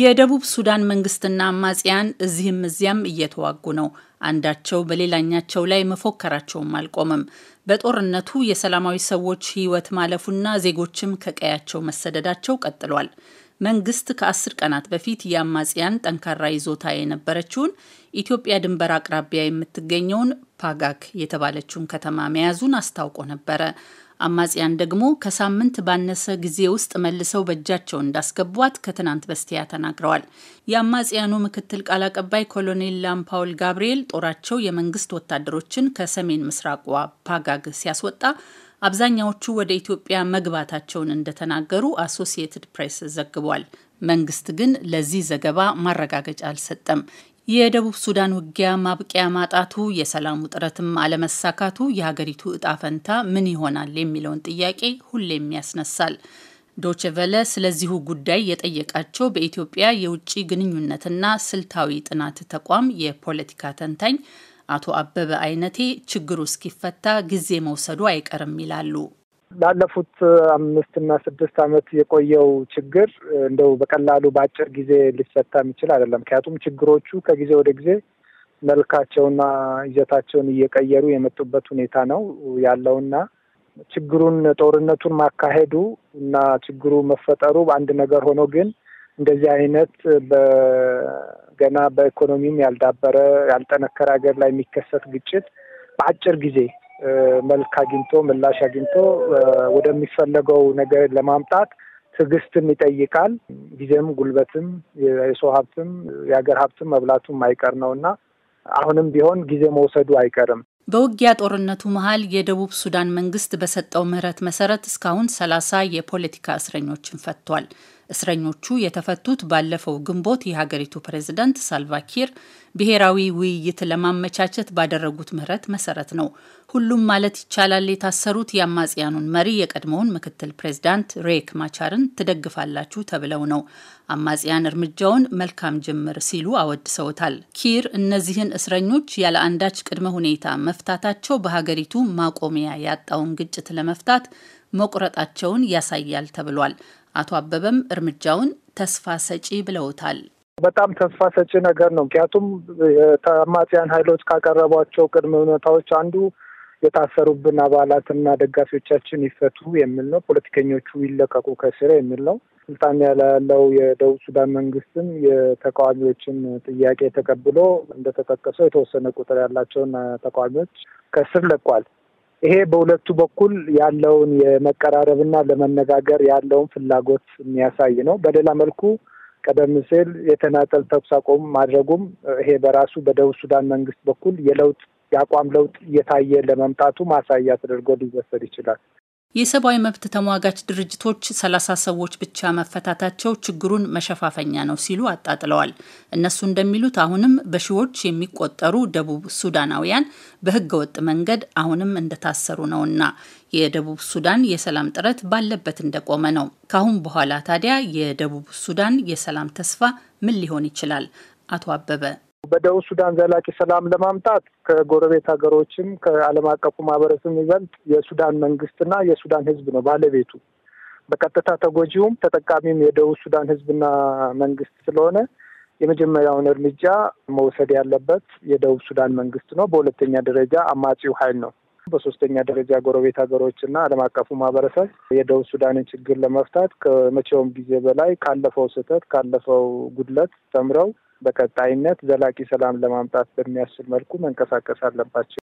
የደቡብ ሱዳን መንግስትና አማጽያን እዚህም እዚያም እየተዋጉ ነው። አንዳቸው በሌላኛቸው ላይ መፎከራቸውም አልቆመም። በጦርነቱ የሰላማዊ ሰዎች ህይወት ማለፉና ዜጎችም ከቀያቸው መሰደዳቸው ቀጥሏል። መንግስት ከአስር ቀናት በፊት የአማጽያን ጠንካራ ይዞታ የነበረችውን ኢትዮጵያ ድንበር አቅራቢያ የምትገኘውን ፓጋክ የተባለችውን ከተማ መያዙን አስታውቆ ነበረ። አማጽያን ደግሞ ከሳምንት ባነሰ ጊዜ ውስጥ መልሰው በእጃቸው እንዳስገቧት ከትናንት በስቲያ ተናግረዋል። የአማጽያኑ ምክትል ቃል አቀባይ ኮሎኔል ላምፓውል ጋብርኤል ጦራቸው የመንግስት ወታደሮችን ከሰሜን ምስራቋ ፓጋግ ሲያስወጣ አብዛኛዎቹ ወደ ኢትዮጵያ መግባታቸውን እንደተናገሩ አሶሲየትድ ፕሬስ ዘግቧል። መንግስት ግን ለዚህ ዘገባ ማረጋገጫ አልሰጠም። የደቡብ ሱዳን ውጊያ ማብቂያ ማጣቱ፣ የሰላሙ ጥረትም አለመሳካቱ የሀገሪቱ እጣ ፈንታ ምን ይሆናል የሚለውን ጥያቄ ሁሌም ያስነሳል። ዶቼ ቨለ ስለዚሁ ጉዳይ የጠየቃቸው በኢትዮጵያ የውጭ ግንኙነትና ስልታዊ ጥናት ተቋም የፖለቲካ ተንታኝ አቶ አበበ አይነቴ ችግሩ እስኪፈታ ጊዜ መውሰዱ አይቀርም ይላሉ። ላለፉት አምስትና ስድስት ዓመት የቆየው ችግር እንደው በቀላሉ በአጭር ጊዜ ሊፈታ የሚችል አይደለም። ምክንያቱም ችግሮቹ ከጊዜ ወደ ጊዜ መልካቸውና ይዘታቸውን እየቀየሩ የመጡበት ሁኔታ ነው ያለውና ችግሩን ጦርነቱን ማካሄዱ እና ችግሩ መፈጠሩ አንድ ነገር ሆኖ ግን እንደዚህ አይነት በገና በኢኮኖሚም ያልዳበረ ያልጠነከረ ሀገር ላይ የሚከሰት ግጭት በአጭር ጊዜ መልክ አግኝቶ ምላሽ አግኝቶ ወደሚፈለገው ነገር ለማምጣት ትዕግስትም ይጠይቃል። ጊዜም ጉልበትም የሰው ሀብትም የሀገር ሀብትም መብላቱም አይቀር ነው እና አሁንም ቢሆን ጊዜ መውሰዱ አይቀርም። በውጊያ ጦርነቱ መሀል የደቡብ ሱዳን መንግስት በሰጠው ምህረት መሰረት እስካሁን ሰላሳ የፖለቲካ እስረኞችን ፈቷል። እስረኞቹ የተፈቱት ባለፈው ግንቦት የሀገሪቱ ፕሬዝዳንት ሳልቫኪር ብሔራዊ ውይይት ለማመቻቸት ባደረጉት ምህረት መሰረት ነው። ሁሉም ማለት ይቻላል የታሰሩት የአማጽያኑን መሪ የቀድሞውን ምክትል ፕሬዝዳንት ሬክ ማቻርን ትደግፋላችሁ ተብለው ነው። አማጽያን እርምጃውን መልካም ጅምር ሲሉ አወድሰውታል። ኪር እነዚህን እስረኞች ያለ አንዳች ቅድመ ሁኔታ መፍታታቸው በሀገሪቱ ማቆሚያ ያጣውን ግጭት ለመፍታት መቁረጣቸውን ያሳያል ተብሏል። አቶ አበበም እርምጃውን ተስፋ ሰጪ ብለውታል። በጣም ተስፋ ሰጪ ነገር ነው። ምክንያቱም የተማጽያን ኃይሎች ካቀረቧቸው ቅድመ ሁኔታዎች አንዱ የታሰሩብን አባላትና ደጋፊዎቻችን ይፈቱ የሚል ነው። ፖለቲከኞቹ ይለቀቁ ከስር የሚል ነው። ስልጣን ያለው የደቡብ ሱዳን መንግስትም የተቃዋሚዎችን ጥያቄ ተቀብሎ እንደተጠቀሰው የተወሰነ ቁጥር ያላቸውን ተቃዋሚዎች ከስር ለቋል። ይሄ በሁለቱ በኩል ያለውን የመቀራረብና ለመነጋገር ያለውን ፍላጎት የሚያሳይ ነው። በሌላ መልኩ ቀደም ሲል የተናጠል ተኩስ አቁም ማድረጉም ይሄ በራሱ በደቡብ ሱዳን መንግስት በኩል የለውጥ የአቋም ለውጥ እየታየ ለመምጣቱ ማሳያ ተደርጎ ሊወሰድ ይችላል። የሰብአዊ መብት ተሟጋች ድርጅቶች ሰላሳ ሰዎች ብቻ መፈታታቸው ችግሩን መሸፋፈኛ ነው ሲሉ አጣጥለዋል። እነሱ እንደሚሉት አሁንም በሺዎች የሚቆጠሩ ደቡብ ሱዳናውያን በህገወጥ መንገድ አሁንም እንደታሰሩ ነውና የደቡብ ሱዳን የሰላም ጥረት ባለበት እንደቆመ ነው። ካሁን በኋላ ታዲያ የደቡብ ሱዳን የሰላም ተስፋ ምን ሊሆን ይችላል? አቶ አበበ በደቡብ ሱዳን ዘላቂ ሰላም ለማምጣት ከጎረቤት ሀገሮችም ከዓለም አቀፉ ማህበረሰብ ይበልጥ የሱዳን መንግስትና የሱዳን ህዝብ ነው ባለቤቱ። በቀጥታ ተጎጂውም ተጠቃሚም የደቡብ ሱዳን ህዝብና መንግስት ስለሆነ የመጀመሪያውን እርምጃ መውሰድ ያለበት የደቡብ ሱዳን መንግስት ነው። በሁለተኛ ደረጃ አማጺው ኃይል ነው። በሶስተኛ ደረጃ ጎረቤት ሀገሮችና ዓለም አቀፉ ማህበረሰብ የደቡብ ሱዳንን ችግር ለመፍታት ከመቼውም ጊዜ በላይ ካለፈው ስህተት ካለፈው ጉድለት ተምረው በቀጣይነት ዘላቂ ሰላም ለማምጣት በሚያስችል መልኩ መንቀሳቀስ አለባቸው።